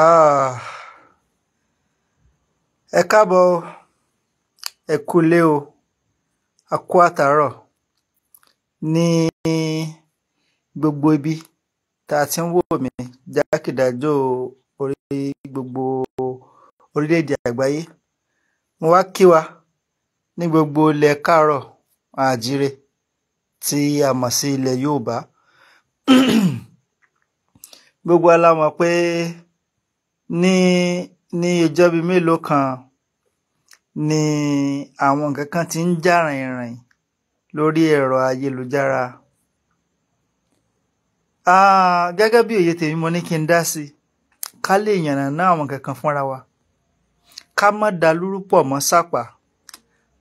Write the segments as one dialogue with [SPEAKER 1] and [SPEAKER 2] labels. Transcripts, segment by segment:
[SPEAKER 1] Ah. ẹ káàbọ̀ ẹ kúlé o a kú àtàárọ̀ ní gbogbo ibi tá a ti ń wò mí jákèjádò orí gbogbo orílẹ̀-èdè àgbáyé mo wá kí wa ní gbogbo ilẹ̀ káàárọ̀ àjíire tí a mọ̀ sí ilẹ̀ Yorùbá gbogbo alámọ̀ pé. ní ní ìjọ́ bíi mélòó kan ni àwọn nǹkan kan ti ń jà rìnrìn lórí ẹ̀rọ ayélujára gẹ́gẹ́ bí òye tèmi mo ní kí n dá sí ká lè yànnàná àwọn nǹkan kan fúnra wa ká má da lúrú pọ̀ mọ́ sápà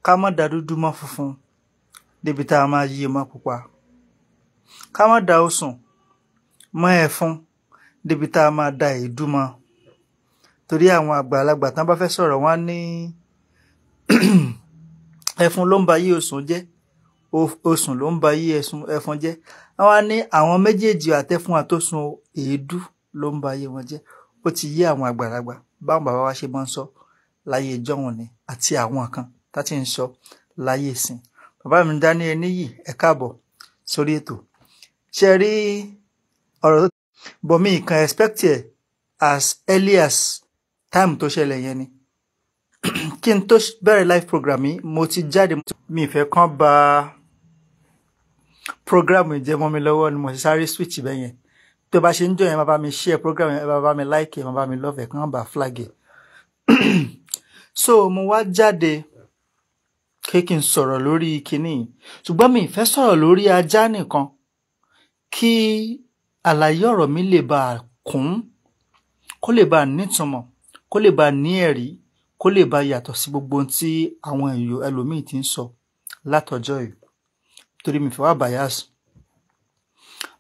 [SPEAKER 1] ká má da dúdú mọ́ funfun débi tá a máa yí mọ́ pupa ká má da osùn mọ́ ẹ̀fún débi tá a máa da èédú mọ́ torí àwọn àgbàlagbà tán bá fẹ́ sọ̀rọ̀ wọn ní ẹfun ló ń ba yí osùn jẹ́ osùn ló ń ba yí ẹfun jẹ́ wọn ní àwọn méjèèjì àtẹfun àtòsùn èédú ló ń ba yí wọn jẹ́ ó ti yí àwọn àgbàlagbà báwọn bàbá wa ṣe máa ń sọ láyé ìjọ́un ni àti àwọn kan tá ń sọ láyé ìsìn bàbá mi dání ẹni yìí ẹ káàbọ̀ sórí ètò ṣe rí ọ̀rọ̀ tó bọ̀ mí expect as early as táìmù tó ṣẹlẹ̀ yẹn ni kí n tó bẹ̀rẹ̀ live program yìí mo ti jáde mi ìfẹ́ kan ba program ìjẹmọ́ mi lọ́wọ́ ni mo ṣe sáré switch bẹ́ẹ̀ yẹn tó bá ṣe ń jọ yẹn máa bá mi share program yẹn máa bá mi like yẹn máa bá mi love ẹ̀ kàn bá flag yẹn so mo wá jáde pé kí n sọ̀rọ̀ lórí kinní yìí ṣùgbọ́n mi ìfẹ́ sọ̀rọ̀ lórí ajá nìkan kí àlàyé ọ̀rọ̀ mi lè bàa kún kó lè bàa nítumọ̀ kó lè bá ní ẹ̀rí kó lè bá yàtọ̀ sí gbogbo ohun tí àwọn èèyàn ẹlòmíì ti ń sọ látọjọ́ yìí torí mi fẹ́ wá bias.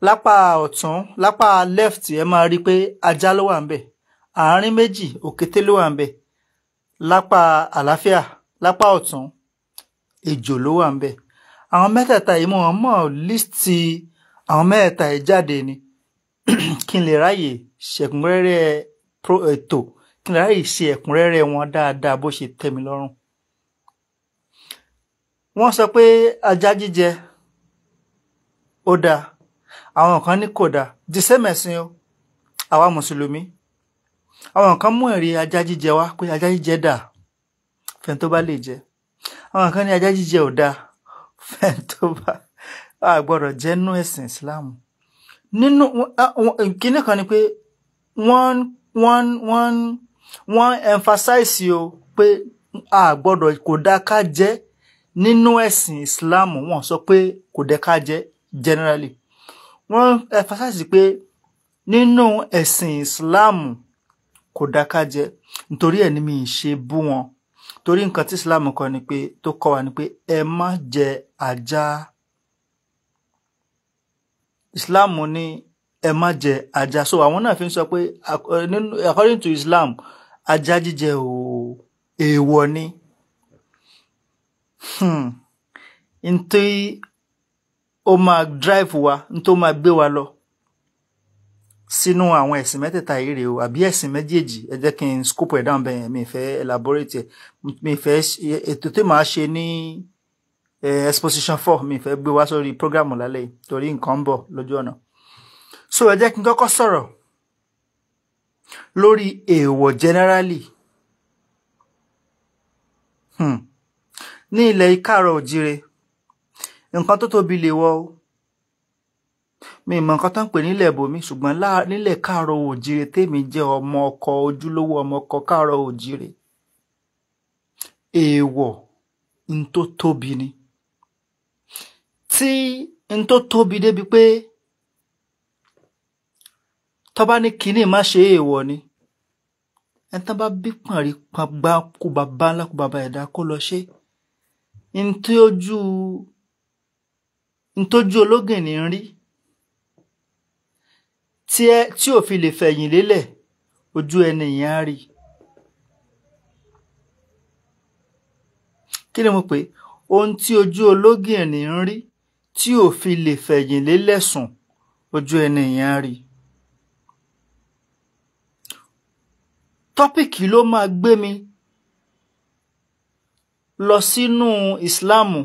[SPEAKER 1] lápá ọ̀tún lápá left ẹ máa rí i pé ajá ló wà ń bẹ̀ àárín méjì òkété ló wà ń bẹ̀ lápá àlàáfíà lápá ọ̀tún ejò ló wà ń bẹ̀ àwọn mẹ́tẹ̀ẹ̀ta yìí mo mọ̀ lísìtì àwọn mẹ́tẹ̀ẹ̀ta yìí jáde ni kí n lè ráyè ṣẹ̀kúnrẹ́rẹ́ ètò ráyè ṣe ẹ̀kúnrẹ́rẹ́ wọn dáadáa bó ṣe tẹ́ mi lọ́rùn. wọ́n sọ pé ajá jíjẹ ó dáa àwọn kan ní kò dáa dìsẹ́mẹ̀sìn o àwa mùsùlùmí àwọn kan mú ẹ̀rí ajá jíjẹ wá pé ajá jíjẹ dáa fẹ́ni tó bá lè jẹ àwọn kan ní ajá jíjẹ ò dáa fẹ́ni tó bá a gbọ́dọ̀ jẹ́ nú ẹ̀sìn Islam nínú kíní kan ni pé wọ́n wọ́n wọ́n wọ́n emphasize o pé a gbọ́dọ̀ kò dáa ká jẹ nínú ẹ̀sìn Islam wọ́n sọ pé kò dáa ká generally wọ́n emphasize pé nínú ẹ̀sìn Islam kò dáa ká jẹ nítorí ẹ̀ ni mi ṣe bú wọn torí nǹkan tí Islam kọ́ ni pé tó kọ́ wa ni pé ẹ má jẹ ajá Islam ní ẹ má jẹ ajá so àwọn náà fi ń sọ pé eh, according to Islam ajá jíjẹ ò èèwọ̀ ni hmm. ntí ó máa drive wa ntí ó máa gbé wa lọ sínú àwọn ẹ̀sìn mẹ́tẹ̀ẹ̀ta yìí rèé o àbí ẹ̀sìn méjèèjì ẹ jẹ́ kí n scoop ẹ̀ down bẹ́ẹ̀ mi fẹ́ elaborate ẹ̀ mi fẹ́ ètò tí màá ṣe ní eh, exposition four mi fẹ́ gbé wá sórí program lálẹ́ torí nǹkan ń bọ̀ lójú ọ̀nà so ẹ jẹ́ kí n kọ́kọ́ sọ̀rọ̀ lórí èèwọ̀ generally hmm. ní ilẹ̀ ìkàrọ̀ òjire nǹkan tó tóbi lè wọ o mi mọ nǹkan tó ń pè nílẹ̀ bòmí ṣùgbọ́n nílẹ̀ káàrọ̀ òjire tèmi jẹ́ ọmọ ọkọ ojúlówó ọmọ ọkọ káàrọ̀ òjire èèwọ̀ n tó tóbi ni tí n tó tóbi débi pé tọ́ ní kínní má ṣe èèwọ̀ ni ẹni tán bá bí pọ̀nrí gbá kó bàbá ńlá kó bàbá ẹ̀dá kó lọ ṣe ntójú ológin ní rí tí ò fi lè fẹ̀yìn lélẹ̀ ojú ẹni yẹn á rí kí ni mo pè ohun tí ojú ológin ní rí tí ò fi lè fẹ̀yìn lélẹ̀ sùn ojú ẹni yẹn á rí. tọ́pìkì ló máa gbé mi lọ sínú ìsìláàmù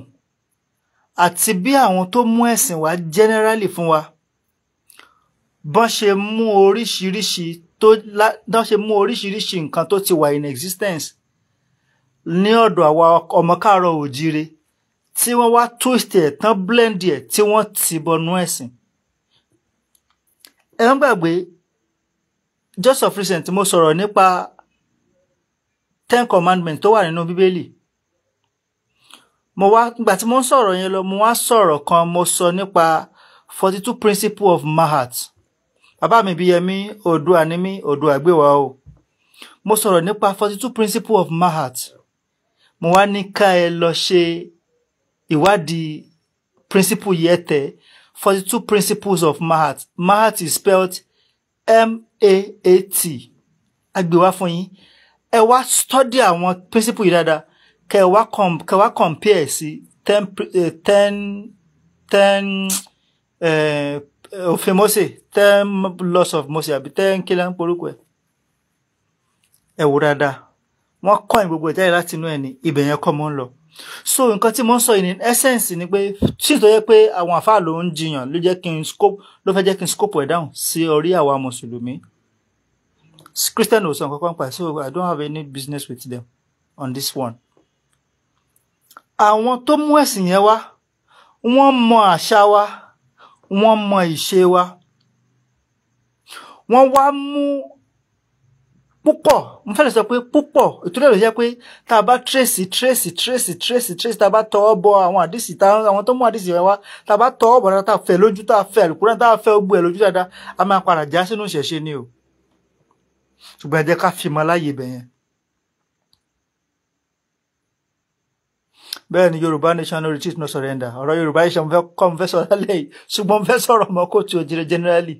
[SPEAKER 1] àti bí àwọn tó mú ẹ̀sìn wá generally fún wa bọ́n ṣe mú oríṣiríṣi tó bọ́n ṣe mú oríṣiríṣi nǹkan tó ti wà in existence ní ọ̀dọ̀ àwa ọmọ káàárọ̀ òjíire tí wọ́n wá twist ẹ̀ tán blend ẹ̀ tí wọ́n ti bọnú ẹ̀sìn ẹ̀ ń gbàgbé just of recent mo sọ̀rọ̀ nípa ten commandments tó wà nínú bíbélì mo wá nígbà tí mo ń sọ̀rọ̀ yẹn lọ mo wá sọ̀rọ̀ kan mo sọ nípa forty two principle of mahat bàbá mi Bíyẹmí Oòduà ni mí Oòduà gbé wa o mo sọ̀rọ̀ nípa forty two principle of mahat mo wá ní ká ẹ lọ ṣe ìwádìí principle yẹn forty two principles of mahat mahat is spelled m aat a gbé wá fún yín ẹ wá study àwọn principle yìí dáadáa kẹ ẹ wá kẹ wá compare sí ten eh, ten ten eh, òfin Mósè ten loss of mose àbí ten kí ló ń porúkọ ẹ ẹ wò dáadáa wọ́n kọ́ ìn gbogbo ẹ̀ láti inú ẹ̀ ní ibẹ̀ yẹn kọ́ mọ́ ń lọ so nǹkan tí mo ń sọ yìí ní essence ni pé tí tó yẹ pé àwọn àfáà ló ń jiyàn ló jẹ́ kí n scope ló fẹ́ jẹ́ kí n scope ẹ̀ down sí orí àwa mùsùlùmí christian ò sọ nǹkan kan pa so i don't have any business with them on this one. àwọn tó mú ẹ̀sìn yẹn wá wọ́n mọ àṣà wa wọ́n mọ ìṣe wa wọ́n wá mú púpọ̀ mo fẹ́ lè sọ pé púpọ̀ ìtúlẹ̀ ló jẹ́ pé tá a bá tírèsì tírèsì tírèsì tírèsì tírèsì tá a bá tọwọ́ bọ àwọn àdìsí àwọn tó mú àdìsí rẹ wá tá a bá tọwọ́ bọ̀ dáadáa tá a fẹ́ lójú tá a fẹ́ àlùkùrán tá a fẹ́ gbogbo ẹ̀ lójú dáadáa a máa padà já sínú ìṣẹ̀ṣe ni o ṣùgbọ́n ẹ jẹ́ ká fi mọ láàyè ibẹ̀ yẹn. bẹ́ẹ̀ ni yorùbá nation no retreat no surrender ọ̀rọ̀ yorùbá iṣẹ́ mo fẹ́ kọ́ mo fẹ́ sọ̀rọ̀ lẹ́yìn ṣùgbọ́n mo fẹ́ sọ̀rọ̀ ọmọ kóòtù òjìrè generally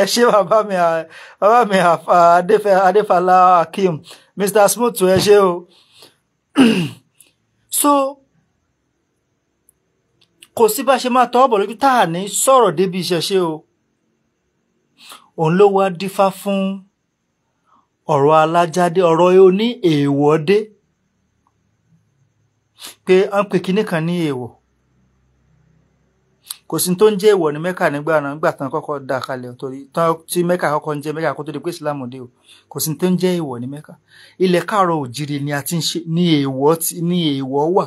[SPEAKER 1] ẹ ṣé bàbá mi bàbá mi adéfàlà akeem mr smooth ẹ ṣé o so kò sí bá ṣe máa tọ́ ọ̀bọ̀ lójú tá à ní sọ̀rọ̀ débi ìṣẹ̀ṣe o òun ló wá dífá fún ọ̀rọ̀ alájáde ọ̀rọ̀ oní èèwọ̀ dé pé à ń pè kinní kan ní èèwọ̀ kò sí tó ń jẹ́ ìwọ̀ ní mẹ́kà nígbà náà nígbà tán kọ́kọ́ dá kalẹ̀ torí tán tí mẹ́kà kọ́kọ́ ń jẹ́ mẹ́kà kó tó di pé ìsìlámù dé o kò sí tó ń jẹ́ ìwọ̀ ní mẹ́kà ilẹ̀ káàrọ̀ òjìrì ni a ti ń ṣe ní èèwọ̀ ní èèwọ̀ wà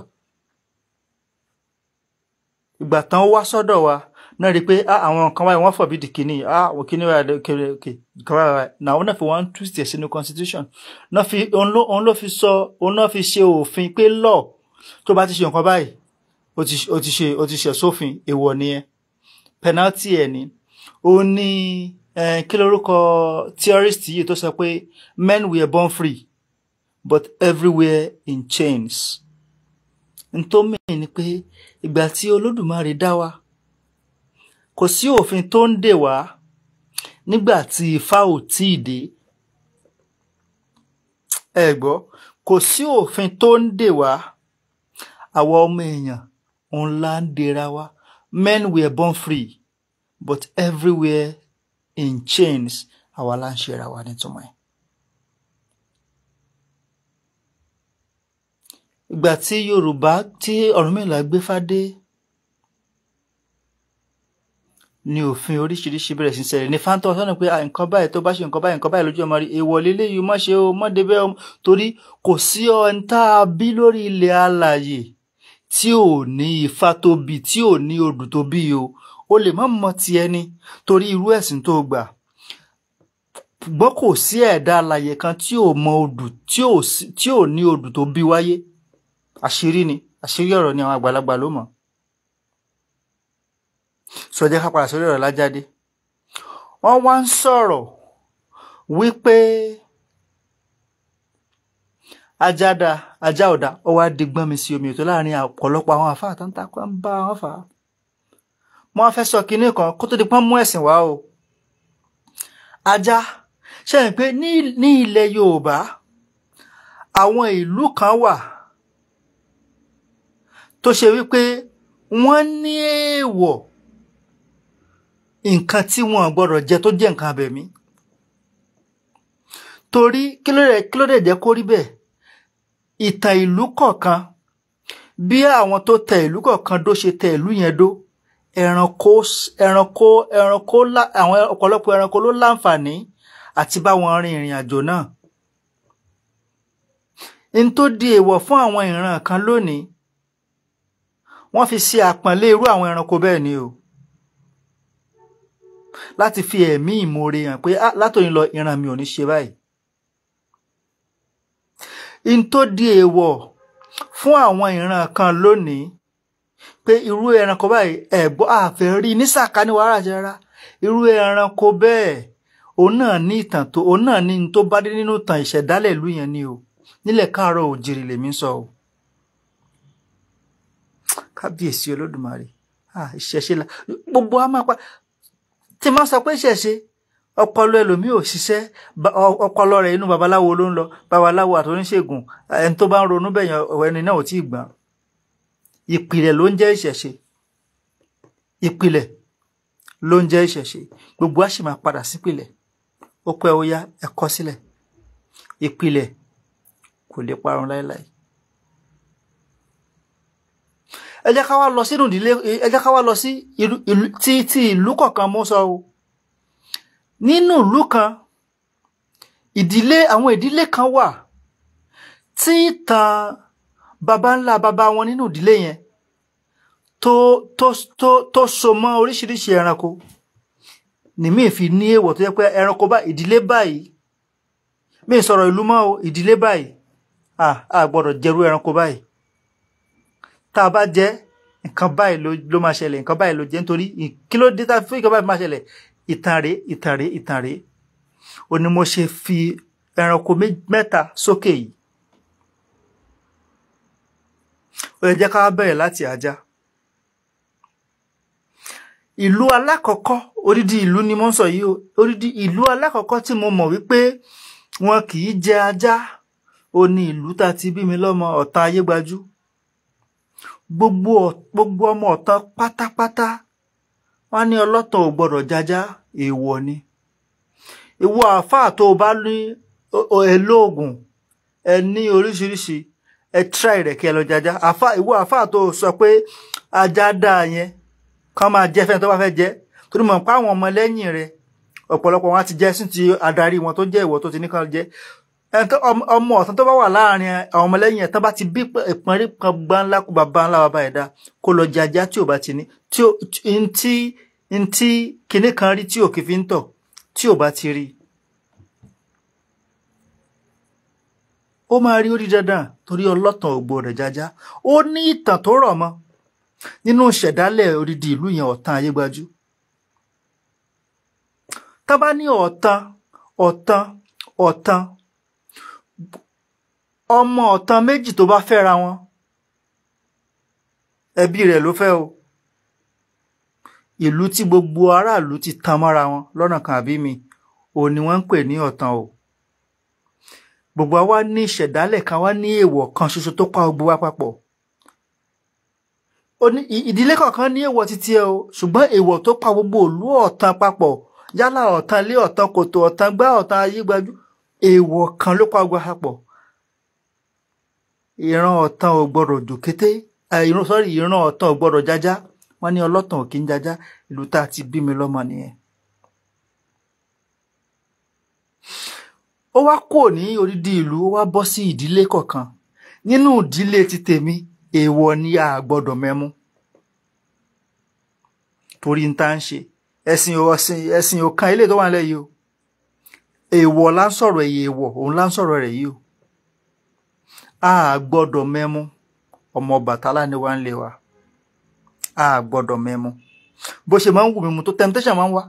[SPEAKER 1] ìgbà tán wá sọ́dọ̀ wa náà rí i pé ah, àwọn nǹkan wáyé wọ́n fọ̀bí di kìíní àwọn kìíní wáyé kéré òkè nǹkan wáyé náà wọ́n náà fi wọ́n twist ẹ̀ sínú constitution òun ló fi sọ òun náà fi ṣe òfin pé law tó bá ti ṣe nǹkan báyìí ó ti ó ti ṣe ó ti ṣe sófin èèwọ̀ nìyẹn penalty ẹ̀ ni ó ní kí lorúkọ theorist yìí tó sọ pé men were born free but everywhere in chains ntòmí ni pé ìgbà tí olódùmarè dá wa kò sí òfin tó ń dè wá nígbà tí ifá ò tí ì dé ẹ gbọ́ kò sí òfin tó ń dè wá àwa ọmọ èèyàn On land, dera wa men were born free but everywhere in chains our la ń ṣera wa nítumọ̀ ẹ̀. ìgbà tí yorùbá tí ọ̀rúnmìlà gbé fadé ni òfin oríṣiríṣi bẹ̀rẹ̀ sí ṣẹlẹ̀ ní fáńtọ́ sọ́nà pé nǹkan báyìí tó bá ṣe nǹkan báyìí nǹkan báyìí lójú ọmọ rí èèwọ̀ lélẹ́yìí mọ́ ṣe o mọ́ débẹ̀ torí kò sí ọ̀ ń tá a bí lórí ilẹ̀ alàyè tí ò ní ifá tó bí tí ò ní odù tó bí o o lè má mọ ti ẹni torí irú ẹ̀sìn tó gbà ṣùgbọ́n kò sí ẹ̀dá alàyè kan tí ò mọ odù tí ò ní odù tó bí wáyé àṣírí ni àṣírí ọ̀rọ̀ ni àwọn àgbàlagbà ló mọ̀ sọjẹ́ ká padà sórí ọ̀rọ̀ lájáde wọ́n wá ń sọ̀rọ̀ wípé ajá da ajá ọ̀dà ó wá di gbọ́n mi sí omi ètò láàrin ọ̀pọ̀lọpọ̀ àwọn àfa àtàntà kan ń bá wọn fà á. mo wá fẹ́ sọ kinní kan kó tó di pọ́n mú ẹ̀sìn wá o. ajá ṣe é pé ní ilẹ̀ Yorùbá àwọn ìlú kan wà tó ṣe wípé wọ́n ní èèwọ̀ nǹkan tí wọ́n gbọ́dọ̀ jẹ tó jẹ́ nǹkan abẹ̀mí torí kí ló dé jẹ́ kó rí bẹ́ẹ̀ ìtàn ìlú kọ̀ọ̀kan bí àwọn tó tẹ ìlú kọ̀ọ̀kan dó ṣe tẹ ìlú yẹn dó ẹranko ẹranko ẹranko àwọn ọ̀pọ̀lọpọ̀ ẹranko ló láǹfààní àti báwọn rin ìrìn àjò náà n tó di èèwọ̀ fún àwọn ìran kan lónìí wọ́n fi ṣe àpọ́nlé irú àwọn ẹranko bẹ́ẹ̀ ni o láti fi ẹ̀mí ìmoore hàn pé ah, látòun lọ ìran mi ò ní ṣe báyìí in tó di èèwọ̀ fún àwọn ìran kan lónìí pé irú ẹranko báyìí ẹ̀bọ́ àfẹ́ rí ní sàkání wàhálà jẹra irú ẹranko bẹ́ẹ̀ òun náà ní ìtàn tó òun náà ní tó bá dé nínú ìtàn ìṣẹ̀dálẹ̀ ìlú yẹn ni o nílẹ̀ káàárọ̀ òjìrì lèmi sọ o. kábíyèsí olódùmarè ah, ìṣẹ̀ṣe la gbogbo a máa pa tí máa sọ pé ìṣẹ̀ṣe ọpọlọ ẹlòmíì ò ṣiṣẹ́ ọpọlọ rẹ̀ inú babaláwo ló ń lọ babaláwo àtòníṣègùn ẹni tó bá ń ronú bẹyàn ẹni náà ò tí ì gbọ́n ìpìlẹ̀ ló ń jẹ́ ìṣẹ̀ṣe ìpìlẹ̀ ló ń jẹ́ ìṣẹ̀ṣe gbogbo a sì máa padà sípìlẹ̀ ó pẹ́ ó yá ẹ kọ̀ sílẹ̀ ìpìlẹ̀ kò lè parun láéláé. ẹ jẹ́ ká wá lọ sínú ìdílé ẹ jẹ́ ká wá lọ sí ti ìlú kọ̀ọ̀kan mú sọ o nínú ìlú kan ìdílé àwọn ìdílé kan wà tí ìtàn baba ńlá baba wọn nínú ìdílé yẹn tó tó tó tó so mọ́ oríṣiríṣi ẹranko nìmí fi ní èèwọ̀ tó yẹ pé ẹranko bá ìdílé báyìí mi sọ̀rọ̀ ìlú mọ́ o ìdílé báyìí à à gbọ́dọ̀ jẹrú ẹranko báyìí tá a bá jẹ nǹkan báyìí ló máa ṣẹlẹ̀ nǹkan báyìí ló jẹ́ nítorí kí ló dé tá a fi nǹkan báyìí máa ṣẹlẹ̀ ìtàn rèé ìtàn rèé ìtàn mo ṣe fi ẹranko mẹ́ta sókè yìí ó yẹ jẹ́ ká bẹ̀rẹ̀ láti ajá ìlú alákọ̀ọ́kọ́ odidi ìlú ni mo ń sọ yìí o odidi ìlú alákọ̀ọ́kọ́ tí mo mọ̀ wípé wọn kì í jẹ ajá ó ní ìlú tá ti bí mi lọ́mọ ọ̀tá ayé gbajú gbogbo ọmọ ọ̀tán pátápátá wọ́n ní ọlọ́tọ̀ ò gbọ́dọ̀ jájá èèwọ̀ ni ìwọ àáfàá tó o bá ní ẹ lóògùn ẹ ní oríṣiríṣi ẹ tíra ìrẹ̀kẹ́ ẹ lọ jájá ìwọ àáfàá tó o sọ pé ajá dáa yẹn kán máa jẹ́ fẹ́ni tó bá fẹ́ jẹ́ torí mọ̀ pé àwọn ọmọ lẹ́yìn rẹ ọ̀pọ̀lọpọ̀ wọn ti jẹ́ sí ti adarí wọn tó jẹ́ ìwọ tó ti ní kán jẹ́ ọmọ ọ̀tán tó bá wà láàrin àwọn ọmọlẹ́yìn ẹ̀ tán bá ti bí ìpọ́nrí kan gbáńlá kó bàbá ńlá bàbá ẹ̀dá kó lọ jaja tí ò bá ti ní tí ntí kinní kan rí tí ò kì fi ń tọ̀ tí ò bá ti rí. ó máa rí orí dandan torí ọlọ́tàn ògbó rẹ̀ jaja ó ní ìtàn tó rọ̀ mọ́ nínú ìṣẹ̀dálẹ̀ orídìí ìlú yẹn ọ̀tàn ayégbájú. tá bá ní ọ̀tàn ọ̀tàn ọ̀tàn ọmọ ọ̀tàn méjì tó bá fẹ́ra wọn ẹbí rẹ̀ ló fẹ́ o ìlú tí gbogbo aráàlú ti tan mọ́ra wọn lọ́nà kan àbí mi ò ní wọ́n ń pè ní ọ̀tàn o gbogbo wa ní ìṣẹ̀dálẹ̀ kan wá ní èèwọ̀ kan ṣoṣo tó pa gbogbo wa papọ̀ ìdílé kọ̀ọ̀kan ní èèwọ̀ títí ẹ o ṣùgbọ́n èèwọ̀ tó pa gbogbo òlú ọ̀tàn papọ̀ yálà ọ̀tàn ilé ọ̀tàn kòtò ọ̀tàn gbá ọ̀tàn ayé gbajú èèwọ̀ kan ló pa gbogbo wa papọ̀ ìran ọ̀tàn ò gbọ́dọ̀ jò kété ìran sọ́rí ìran ọ̀tàn ò gbọ́dọ̀ jájá wọ́n ní ọlọ́tàn ò kí ń jájá ìlú tá a ti bí mi lọ́mọ nìyẹn. ó wá kúrò ní orídìí ìlú ó wá bọ́ sí ìdílé kọ̀ọ̀kan nínú ìdílé ti tèmi èèwọ̀ ni a gbọ́dọ̀ mẹ́mú torí ń tá ń ṣe ẹ̀sìn ẹ̀sìn ọ̀kan ilé tó wà nílẹ̀ yìí o èèwọ̀ là ń sọ̀rọ̀ èèwọ̀ òun là ń sọ̀rọ̀ rẹ̀ yìí o a gbọ́dọ̀ mẹ́mú ọmọ Ọbàtálá ni wà ń lé wa a gbọ́dọ̀ mẹ́mú bó ṣe máa ń wù mí mu tó temptation máa ń wá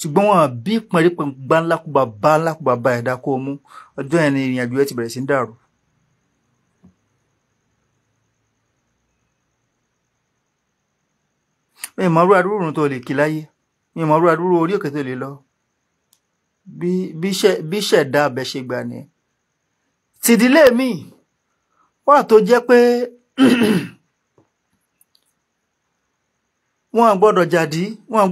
[SPEAKER 1] ṣùgbọ́n wọn bí pẹ̀lẹ́pẹ̀ gbá ńlá kú bàbá ńlá ẹ̀dá kó o mú ọjọ́ yẹn ni ìrìn ẹ̀ ti bẹ̀rẹ̀ sí ń dàrú. mi ò mọ irú adúrú tó lè kí láyé mi ò mọ irú adúrú orí òkè tó lè lọ bí ṣẹ̀dá abẹ ṣe gbà nìyẹn tìdílé mi wà tó jẹ́ pé wọn gbọ́dọ̀ jàdí wọn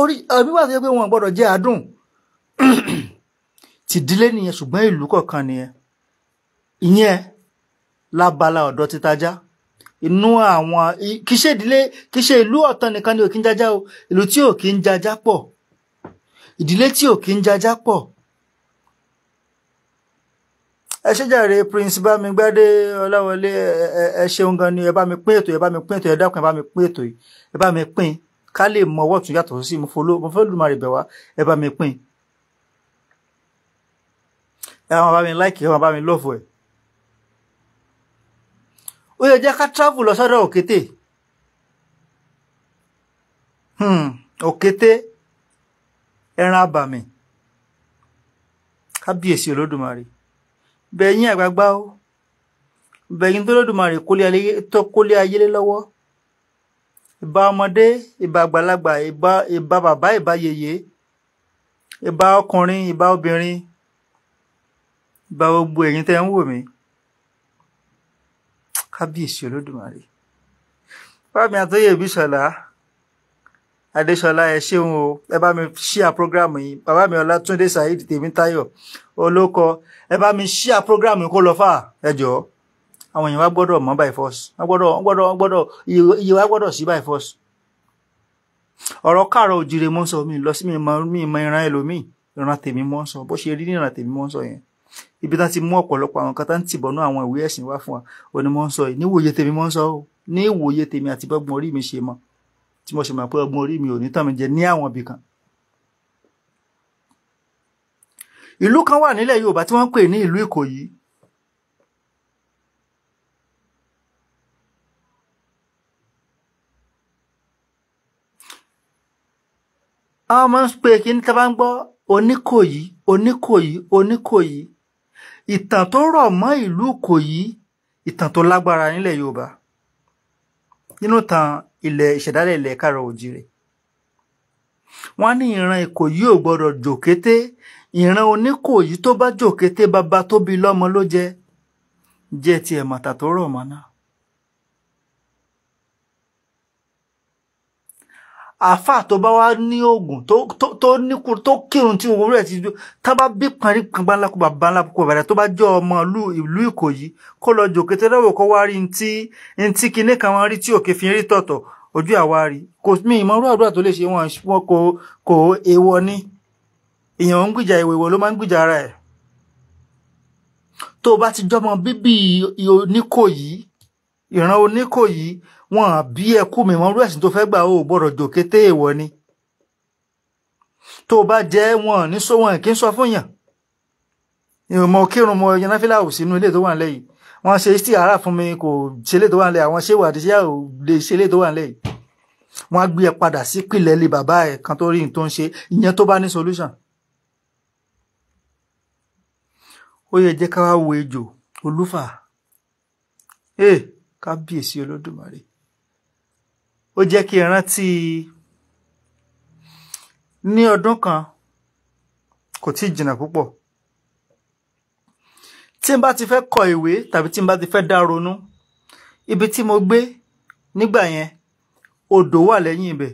[SPEAKER 1] orí ẹbí wà tó jẹ́ pé wọn gbọ́dọ̀ jẹ́ àdùn tìdílé nìyẹn ṣùgbọ́n ìlú kọ̀ọ̀kan nìyẹn ìyẹn lábala ọ̀dọ́ títajà inú àwọn kì í ṣe ìdílé kì ìlú ọ̀tọ̀ nìkan ni ò kí ń jájá o ìlú tí ò kí ń jájá pọ̀ ìdílé tí ò kí ń jájá pọ̀ ẹ ṣé jàre prince bámigbádé ọláwọlé ẹ ṣeun gan ni ẹ bá mi pín ètò ẹ bá mi pín ètò ẹ dákun ẹ bá mi pín ètò yìí ẹ bá mi pín ká lè mọ ọwọ́ tún yàtọ̀ sí mo fọlọ́ mo fẹ́ lùmọ̀ rẹ̀ bẹ̀ wá ẹ bá mi pín ẹ wọn bá mi láìkì ẹ wọn bá mi lọ́fù ẹ. ó yẹ jẹ́ ká travel lọ sọ́dọ̀ òkété hmm, òkété ẹran abàmì kábíyèsí olódùmarè bẹ̀yìn àgbààgbà o bẹ̀yìn t'Olódùmarè tó kólé ayé lé lọ́wọ́ ìbá ọmọdé ìbá àgbàlagbà ìbá bàbá ìbá yèyé ìbá ọkùnrin ìbá obìnrin ìbá gbogbo ẹ̀yin tẹ́ ń wò mí kábíyèsí Olódùmarè fáàmì àtọ́yẹ̀ ìbísọ̀lá adéṣọlá ẹ ṣeun o ẹ bá mi ṣíà prógráàmù yìí bàbá mi ọlátúndé saheed tèmítáyọ̀ olókọ ẹ bá mi ṣíà prógráàmù kó lọ fà ẹ jọ àwọn èèyàn wa gbọ́dọ̀ mọ̀ by force wọ́n gbọ́dọ̀ wọ́n gbọ́dọ̀ wọ́n gbọ́dọ̀ iye wa gbọ́dọ̀ sí by force ọ̀rọ̀ káàrọ̀ òjìrè mọ́ sọ mi lọ sí mi mọ mi mọ ìran ẹlòmíì ìran tèmi mọ́ sọ bó ṣe rí ní ìran tèmi mọ́ sọ yẹn ibi tá ti mú ọ̀pọ̀lọpọ̀ àwọn kan tá ń tìbọnú àwọn ìwé ẹ̀sìn wá fún wa òní mọ́ sọ yìí níwòye tèmi mọ́ sọ o níwòye tèmi àti orí mi ṣe mọ́ tí mo ṣe mọ̀ pé ọgbọ́n orí mi ò ní tàn mí jẹ ní àwọn ibì kan. ìlú kan wà nílẹ̀ Yorùbá tí wọ́n ń pè ní ìlú Ìkòyí àwọn ọmọ ń pè kí ní bá ń gbọ́ oníkòyí oníkòyí oníkòyí ìtàn tó rọ̀ mọ́ ìlú Ìkòyí ìtàn tó lágbára nílẹ̀ Yorùbá nínú tàn ilẹ̀ ìṣẹ̀dálẹ̀ ilẹ̀ káàrọ̀ òjìrè wọ́n ní ìran ìkòyí ò gbọ́dọ̀ jòkété ìran oníkòyí tó bá jòkété bàbá tóbi lọ́mọ ló jẹ jẹ́ tiẹ̀ màtà tó rọ̀ mọ́ náà àáfà tó bá wá ní oògùn tó níkùn tó kírun tí owó rẹ̀ ti dúró tá bá bí parí kan bálákùbà bálákùbà bàdà tó bá jẹ́ ọmọ ìlú Ìkòyí kó lọ jòkè tẹ́lẹ̀wò kó wá rí ntí ntí kinní kan wọ́n rí tí òkè fi rí tọ̀tọ̀ ojú àwa rí kò mí ìmọ̀ orú tó lè ṣe wọn kò kò èèwọ̀ ni èèyàn ń gbìjà ìwèwọ̀ ló máa ń gbìjà ara ẹ̀ tó o bá ti jọmọ bíbí Oníkòyí ìran oníkòyí wọn bí ẹkú mi mọ irú ẹ̀sìn tó fẹ́ gbà ó gbọ́dọ̀ jò kété èèwọ̀ ni tó bá jẹ́ wọn ní sọ wọn kì í sọ fún yàn ìmọ̀ kírun mọ yanáfílà ò sínú ilé tó wà nílẹ̀ yìí wọ́n ṣe istí ara fún mi kò ṣe tó wà nílẹ̀ àwọn ṣéwà àti ṣéyà ò lè ṣe tó wà nílẹ̀ yìí wọ́n á gbé ẹ padà sí pìlẹ̀ ilé bàbá ẹ̀ kan tó rí n tó ń ṣe ìyẹn tó bá ní solution ó yẹ jẹ́ ká wá wo ejò olúfà. Hey kábíyèsí olódùmarè ó jẹ́ kí n rántí ní ọdún kan kò tí ì jìnnà púpọ̀ tí n bá ti fẹ́ kọ ìwé tàbí tí n bá ti fẹ́ dá ronú ibi tí mo gbé nígbà yẹn odò wà lẹ́yìn ibẹ̀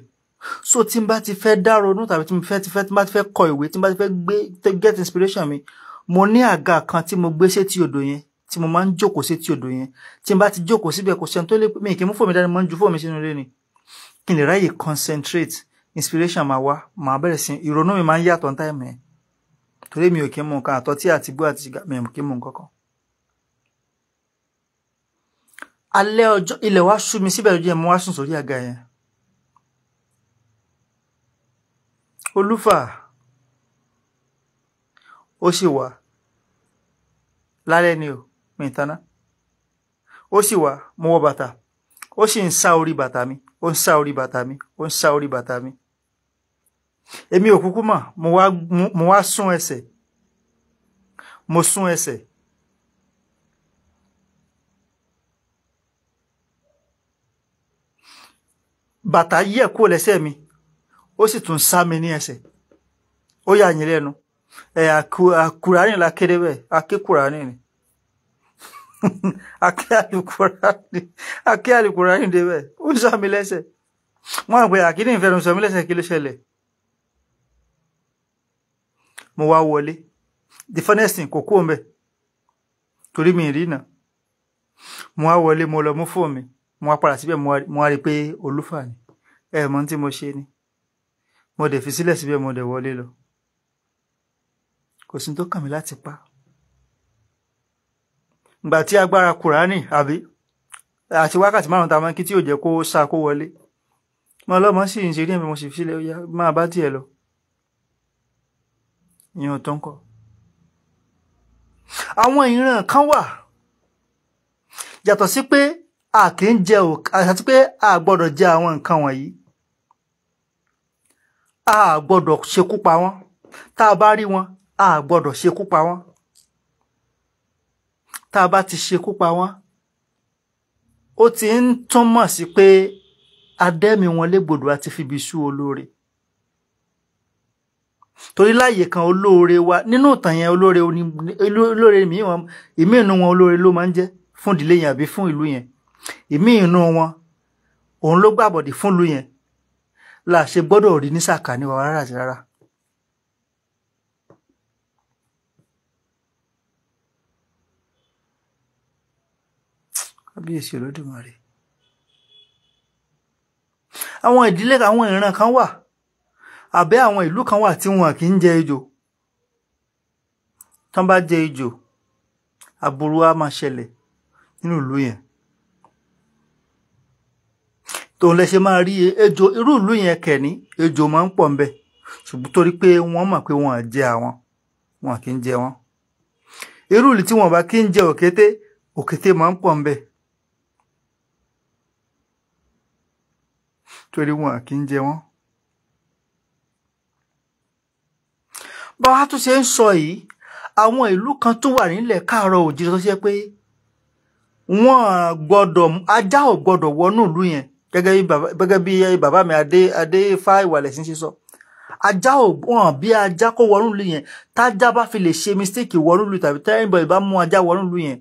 [SPEAKER 1] so tí n bá ti fẹ́ dá ronú tàbí tí n fẹ́ ti fẹ́ tí n bá ti fẹ́ kọ ìwé tí n bá ti fẹ́ gbé get inspiration mi mo ní àga kan tí mo gbé sétí odò yẹn tí mo máa ń jókòó sí ti odò yẹn tí n bá ti jókòó síbẹ̀ kò sẹ́ni tó lè mi kì í mú fóònù dání mo ń ju fóònù sínú ilé ni kí n lè ráyè concentrate inspiration máa wá máa bẹ̀rẹ̀ sí ìrònú mi máa ń yàtọ̀ ní táìmù yẹn torí mi ò kí ń mu nǹkan àtọ́tí àti gbó àti mi ò kí ń mu nǹkan kan. alẹ́ ọjọ́ ilẹ̀ wa sú mi síbẹ̀ lójú ẹ̀ mo wá sùn sórí àga yẹn. olúfà ó sì wà lálẹ́ ni o mi tanná ó sì wá mo wọ bàtà ó sì ń sá orí bàtà mi ó ń sá orí bàtà mi ó ń sá orí bàtà mi èmi ò kúkú mọ̀ mo wá sún ẹsẹ̀ mo sún ẹsẹ̀ bàtà yẹ̀ kúrò lẹ́sẹ̀ mi ó sì tún sá mi ní ẹsẹ̀ ó yà yín lẹ́nu ẹ̀ àkùránì la kéde bẹ́ẹ̀ akékùránì ni akẹ́ alukurani akẹ́ alukurani débẹ̀ ó ń sọ mi lẹ́sẹ̀ wọ́n àgbẹ̀ àkíní ìfẹ́nu sọ mi lẹ́sẹ̀ kí ló ṣẹlẹ̀ mo wá wọlé the funnest thing kò kú òun bẹ̀ torí mi rí náà mo wá wọlé mo lọ mú fóònù mi mo wá padà síbẹ̀ mo wá rí i pé olúfà ni ẹ mọ tí mo ṣe ni mo dẹ̀ fi sílẹ̀ síbẹ̀ mo dẹ̀ wọlé lọ kò sí tó kàn mí láti pa gbà tí agbára kùránì àbí àti wákàtí márùn ta máa kí tí ò jẹ́ kó sá kó wọlé mo lọ́mọ sì ń ṣeré mi mo sì fi sílẹ̀ ya máa bá tiẹ̀ lọ ìyẹn tó ń kọ. àwọn ìran kan wà yàtọ̀ sí pé a kì í jẹ àti pé a gbọ́dọ̀ jẹ àwọn nǹkan wọ̀nyí a gbọ́dọ̀ ṣekú pa wọ́n tá a bá rí wọn a gbọ́dọ̀ ṣekú pa wọ́n tá a bá ti ṣekú pa wọ́n ó ti ń túmọ̀ sí pé adẹ́mi wọn légbodò àti fibi sú olóore torí láàyè kan olóore wa nínú ìtàn yẹn olóore olóore mìíràn ìmí inú wọn olóore ló máa ń jẹ́ fún ìdílé yẹn àbí fún ìlú yẹn ìmí inú wọn òun ló gbàbọ̀dì fún ìlú yẹn là ṣe gbọ́dọ̀ rí ní sàkà ní wàhálà àti rárá kábíyèsí olódùmarè àwọn ìdílé àwọn ìran kan wà àbẹ́ àwọn ìlú kan wà tí wọn kì í jẹ ejò tán bá jẹ ejò aburú á máa ṣẹlẹ̀ nínú ìlú yẹn tòun lẹ ṣe máa rí ejò irú ìlú yẹn kẹ̀ní ejò máa ń pọ̀ ń bẹ̀ ṣùgbọ́n torí pé wọ́n mọ̀ pé wọ́n jẹ àwọn wọn kì í jẹ wọn irú ìlú tí wọn bá kí ń jẹ òkété òkété máa ń pọ̀ ń bẹ̀ torí wọn kì í jẹ wọn. báwa tún ṣe ń sọ yìí àwọn ìlú kan tún wà nílẹ̀ káàárọ̀ òjìrì tó ṣe pé wọ́n gbọ́dọ̀ ajá ò gbọ́dọ̀ wọnú ìlú yẹn gẹ́gẹ́ bí bàbá mi adé adé fa ṣe sọ ajá ò wọ́n bí ajá kó wọnú ìlú yẹn tájá bá fi lè ṣe mistake wọnú ìlú tàbí tẹ́yìnbó ìbá mú ajá wọnú ìlú yẹn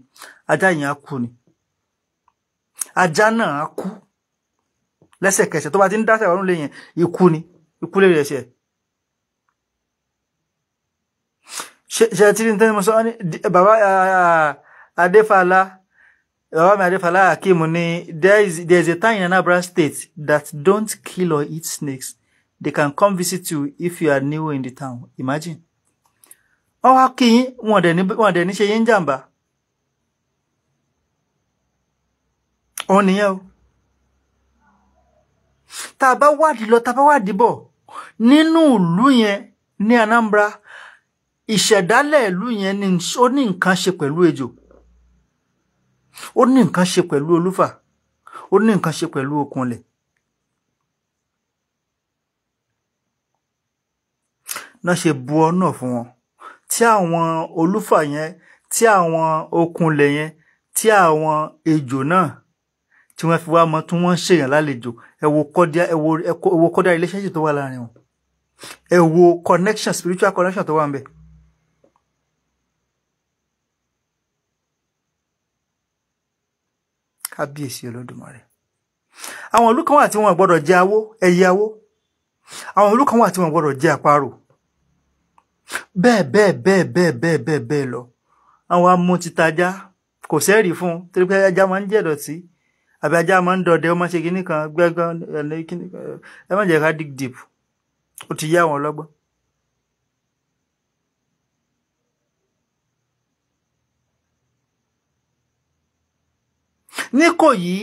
[SPEAKER 1] ajá yẹn á kú ni ajá náà á kú lẹ́sẹ̀kẹsẹ̀ tó bá ti ń dáṣẹ̀ ọ̀run lẹ́yìn ikú ni ikú lè rẹ̀ṣẹ̀ ṣe tí ní tẹ́lẹ̀ mọ́sán bàbá adéfàlá bàbá mi adéfàlá hakim ni there is, there is a town in Anambra state that don't kill or eat snakes they can come visit you if you are new in the town imagine wọ́n wá kí yín wọ́n dẹ̀ ní ṣe yín jàǹbá òun nìyẹn o tá a bá wádìí lọ tá a bá wádìí bọ̀ nínú ìlú yẹn ní Anambra ìṣẹ̀dálẹ̀ ìlú yẹn ni ó ní nǹkan ṣe pẹ̀lú ejò ó ní nǹkan ṣe pẹ̀lú olúfà ó ní nǹkan ṣe pẹ̀lú okunlẹ̀. náà ṣe bu ọ̀nà fún wọn tí àwọn olúfà yẹn tí àwọn okunlẹ̀ yẹn tí àwọn ejò náà tí wọ́n fi wá mọ tí wọ́n ń ṣèyàn lálejò ẹ wo kọ́díà relationship tó wà láàrin wọn ẹ wo connection spiritual connection tó wà ń bẹ̀. kábíyèsí olódùmarè àwọn ìlú kan wà tí wọn gbọ́dọ̀ jẹ awó ẹyẹ awó àwọn ìlú kan wà tí wọn gbọ́dọ̀ jẹ àparò bẹ́ẹ̀ bẹ́ẹ̀ bẹ́ẹ̀ bẹ́ẹ̀ bẹ́ẹ̀ bẹ́ẹ̀ bẹ́ẹ̀ lọ àwọn amú ti tajá kò sẹ́ẹ̀rì fún un torí pé ajá máa ń jẹ́ ìdọ̀tí àbí ajá máa ń dọdẹ ó máa ṣe kinní kan gbẹ́gbọ́n ẹ má jẹ́ ká dig deep ó ti yá àwọn ọlọ́gbọ́n. níkòyí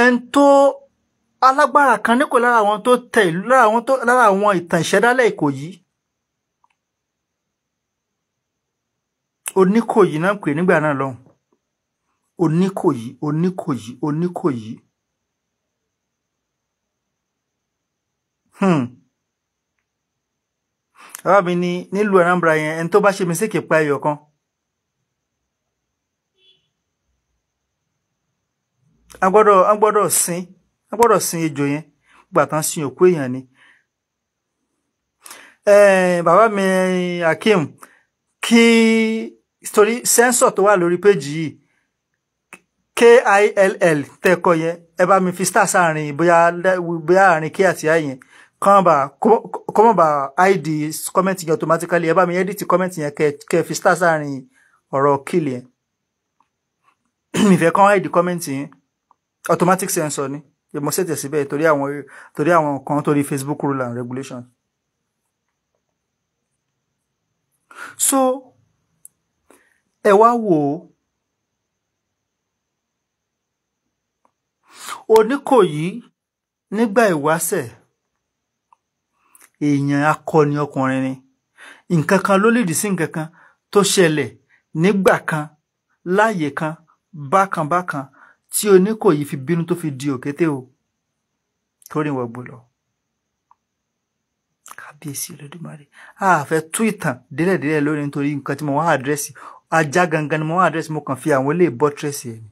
[SPEAKER 1] ẹn tó alágbára kan níkò lára àwọn tó tẹ ìlú lára àwọn tó lára àwọn ìtàn ìṣẹ̀dálẹ̀ ìkòyí oníkòyí náà pè nígbà náà lọ́hùn oníkòyí oníkòyí oníkòyí. Hmm. bàbá mi ní nílùú Anambra yẹn ẹni tó bá ṣe mistake pa ẹyọ kan. a gbọ́dọ̀ a gbọ́dọ̀ sin a gbọ́dọ̀ sin ejò yẹn gbà tán sin òkú èèyàn ni. Eh, bàbá mi Akeem kí torí sẹ́ńsọ̀ tó wà lórí péjì yìí kill tẹ́kọ̀ yẹn ẹ bá mi fi star sáàrin bóyá bóyá àárín k àti i yẹn kọ́mọ̀bà kọ́mọ̀bà id kọ́mẹ̀ntì yẹn automatically ẹ bá mi edit kọ́mẹ̀ntì yẹn kẹ́ fi star sáàrin ọ̀rọ̀ kill yẹn ìfẹ́ kan id kọ́mẹ̀ntì yẹn automatic sensor ni mo ṣètẹ̀ síbẹ̀ torí àwọn torí àwọn kan torí Facebook rule and regulation. so ẹ wá wò ó oníkòyí nígbà ìwáṣẹ̀ èèyàn akọni ọkùnrin ni nǹkan kan ló lòdì sí nǹkan kan tó ṣẹlẹ̀ nígbà kan láàyè kan bákanbákan tí oníkòyí fi bínú tó fi di òkété o tó rìn wọ̀gbọ̀ lọ kábíyèsí olódùmarè a fẹ́ tú ìtàn délẹ̀délẹ̀ lórí nítorí nǹkan tí mo wá àdírẹ́sì ajá gangan ni mo wá àdírẹ́sì mo kàn fi àwọn ilé bọ́tírẹ́sì ẹ̀ ni.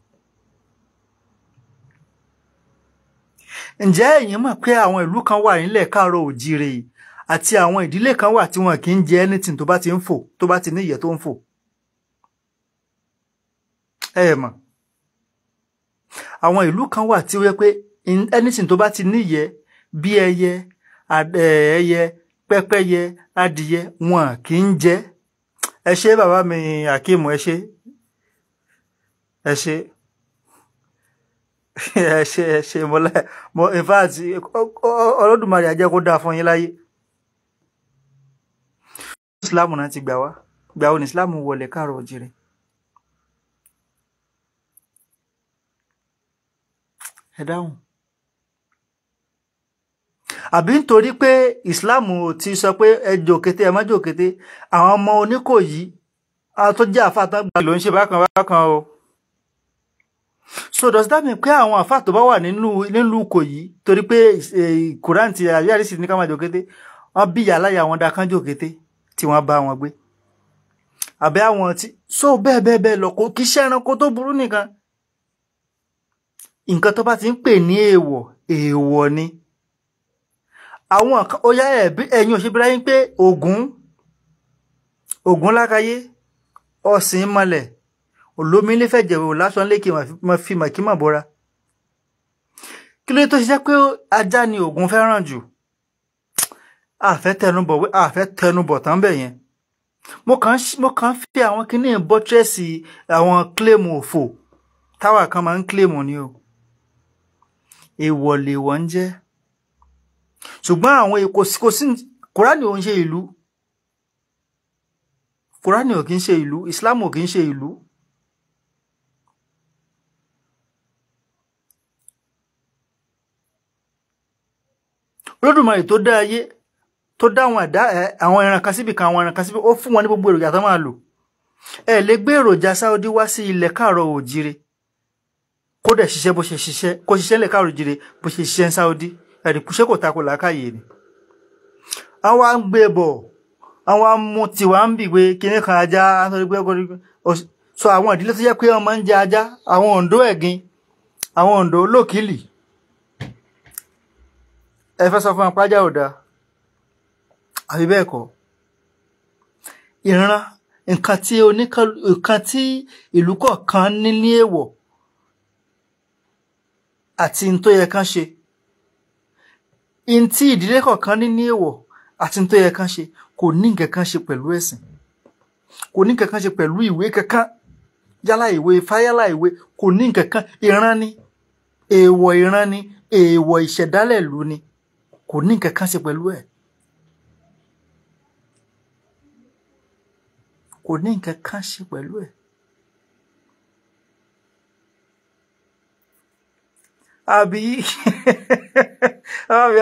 [SPEAKER 1] ǹjẹ́ ẹ̀yin mọ̀ pé àwọn ìlú kan wà nílẹ̀ káàárọ̀ òjìrè àti àwọn ìdílé kan wà tí wọn kì í jẹ anything tó bá ti ń fò tó bá ti ní ìyẹ́ tó ń fò ẹ mọ̀ àwọn ìlú kan wà tí ó yẹ pé anything tó bá ti ní ìyẹ́ bí ẹyẹ ẹyẹ pẹ́pẹ́yẹ adìyẹ wọn kì í jẹ ẹ ṣé bàbá mi Akeem ẹ ṣé ẹ ṣé. ẹ ṣe ẹ ṣe mọlẹ mọ in fact Olódùmarè á jẹ́ kó dáa fún yín láyé islam náà ti gbà wá gbà wọn islam wọlé káàrọ̀ òjìrì ẹ dáhùn àbí nítorí pé islam ò ti sọ pé ẹ jòkété ẹ má jòkété àwọn ọmọ Oníkòyí àwọn tó àfàtàn gbà ló ń ṣe bákan bákan o so does that mean pé àwọn àfáà tó bá wà nínú nílùú kò yìí torí pé Quran ti àbí àrísì ní ká máa jòkété wọn bí yàláyà wọn dá kán jòkété tí wọn bá wọn gbé àbẹ àwọn tí so bẹ́ẹ̀ bẹ́ẹ̀ bẹ́ẹ̀ lọ kó kí iṣẹ́ ẹranko tó burú nìkan nǹkan tó bá ti ń pè ní èèwọ̀ èèwọ̀ ni àwọn kan ó yá ẹ̀yin òṣèbíra yín pé Ògún Ògún lákàyé ọ̀sìn mọ́lẹ̀ olómìnlé fẹ̀jẹ̀ wò lásán lékè máa fi màkímà bọ́ra kí ló tó ṣiṣẹ́ pé ajá ni ògùn fẹ́ràn jù àfẹ́ tẹnubọ̀ àfẹ́ tẹnubọ̀ tán bẹ̀ yẹn mo kàn mo kàn fi àwọn kinní bọ́tírẹ́sì àwọn kílèmù òfò táwa kan máa ń kílèmù ni o èèwọ̀ lèèwọ̀ ń jẹ́ ṣùgbọ́n àwọn kò sí kúránì ò ń ṣe ìlú kúránì ò kì í ṣe ìlú Islam ò kì ṣe ìlú olódùmarè tó dá ayé tó dá àwọn ẹ̀dá àwọn ẹran kan síbi kan àwọn ẹran kan síbi ó fún wọn ní gbogbo èròjà tó máa lò ẹ lè gbé èròjà sáúdí wá sí ilẹ̀ káàrọ̀ òjire kó dẹ̀ ṣiṣẹ́ bó ṣe ṣiṣẹ́ kó ṣiṣẹ́ ilẹ̀ káàrọ̀ òjire bó ṣe ṣiṣẹ́ sáúdí ẹ̀rí kúṣẹ́ kò tako làákàyè ni. àwa ń gbé bọ̀ àwa mú tiwa ń bì pé kan ajá sọ àwọn ìdílé tó yẹ pé wọn máa ń jẹ ajá àwọn òǹdó ẹ̀gìn àwọn òǹdó lókìlì ẹ fẹ́ sọ fún wọn pájá ò dáa àbí bẹ́ẹ̀ kọ́ ìran nǹkan tí oníkan nǹkan tí ìlú kọ̀ọ̀kan ní ní èèwọ̀ àti n tó yẹ kán ṣe n tí ìdílé kọ̀ọ̀kan ní ní èèwọ̀ àti n tó yẹ kán ṣe kò ní nǹkan kan ṣe pẹ̀lú ẹ̀sìn kò ní nǹkan ṣe pẹ̀lú ìwé kankan yálà ìwé fáyálà ìwé kò ní nǹkan ìran ni èèwọ̀ ìran ni èèwọ̀ ìṣẹ̀dálẹ̀ ìlú ni kò ní nǹkan kan ṣe pẹ̀lú ẹ̀ kò ní nǹkan kan pẹ̀lú ẹ̀. àbí àbí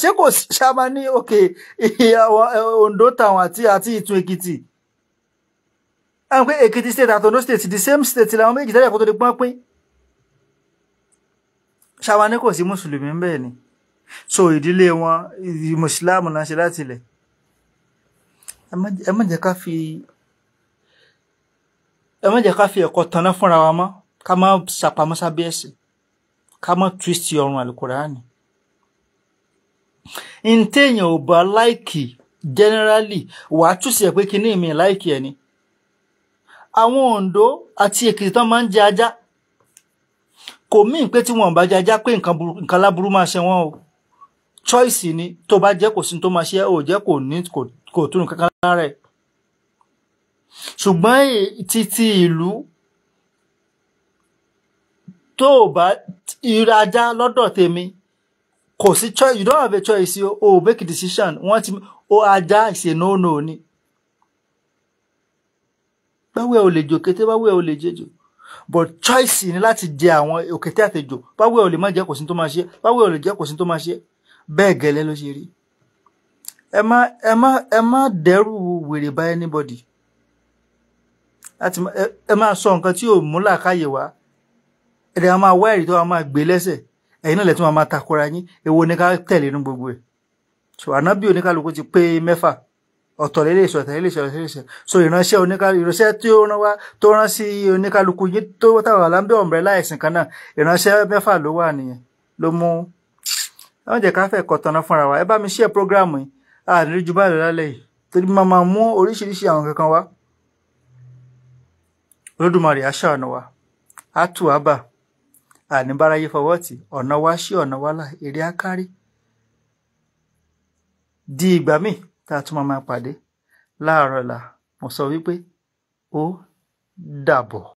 [SPEAKER 1] ṣé kò ṣàmà ní òkè Ondo tàwọn àti àti Ìtún Èkìtì àwọn pé Èkìtì state àti Ondo state the same state làwọn méjì tẹ́lẹ̀ kó tó di pọ́npín ṣàmà ní kò sí mùsùlùmí ń bẹ́ẹ̀ ni so ìdílé wọn mùsùlùmí náà ṣe láti ilẹ̀ ẹ má jẹ́ ká fi ẹ má jẹ́ ká fi ẹ̀kọ́ tanná fúnra wa mọ́ ká má ṣàpamọ́ sábẹ́ ẹ̀sìn ká má twist ọrùn àlùkùránì n ò bá láìkì generally wàá túsì ẹ̀ pé kíní mi láìkì ẹ̀ ni àwọn Oǹdó àti Èkìtì tán máa ń jẹ ajá kò mí pé tí wọn bá jẹ ajá pé nǹkan láburú máa ṣe wọn o choice ni tó bá jẹ́ kò sí tó máa ṣe ò jẹ́ kò ní kò túnú kankan lára ẹ̀ ṣùgbọ́n títí ìlú tó bá ìrajà lọ́dọ̀ tèmi kò sí choice you don't have a choice o o make a decision wọ́n ti o ajá ìṣe no no ni báwẹ̀ ò lè jò kété báwẹ̀ ò lè jẹjò but choice ni láti jẹ àwọn òkété àtẹjò báwẹ̀ ò lè má jẹ́ kò sí tó máa ṣe báwẹ̀ ò lè jẹ́ kò sí tó máa ṣe bẹ́ẹ̀ gẹ́lẹ́ ló ṣe rí ẹ má ẹ má ẹ má dẹ́rù wèrè bá anybody láti ẹ máa sọ nǹkan tí ò mú làákàyè wá ẹ̀dẹ̀ a máa wá ẹ̀rí tó a máa gbé lẹ́sẹ̀ ẹ̀yin náà lẹ́tún máa máa takora yín èwo ni ká tẹ̀lé nínú gbogbo ẹ̀ so ànábì oníkálukú ti pé mẹ́fà ọ̀tọ̀ lè lè sọ ọ̀tọ̀ lè lè sọ ọ̀tọ̀ lè sọ so ìránṣẹ́ oníkálukú ìránṣẹ́ tí ó rán wá tó rán sí oníkálukú yín tó táwọn aláǹbẹ̀ ọ̀mọ̀rẹ́ láìsìn kan náà ìránṣẹ́ mẹ́fà ló wà nìyẹn ló mú ẹ má jẹ́ ká fẹ́ kọ̀tànà fúnra wa ẹ bá mi share program yìí àárín ju báyìí lálẹ́ yìí torí máa máa mú oríṣiríṣi àwọn kankan wá olódùmarè aṣáàánú wa á tù àníbáráyé fọwọ́ tì ọ̀nà wa ṣí ọ̀nà wa là èrè á di ìgbà míì tá a tún máa máa pàdé láàárọ̀ là mo sọ wípé ó dàbọ̀.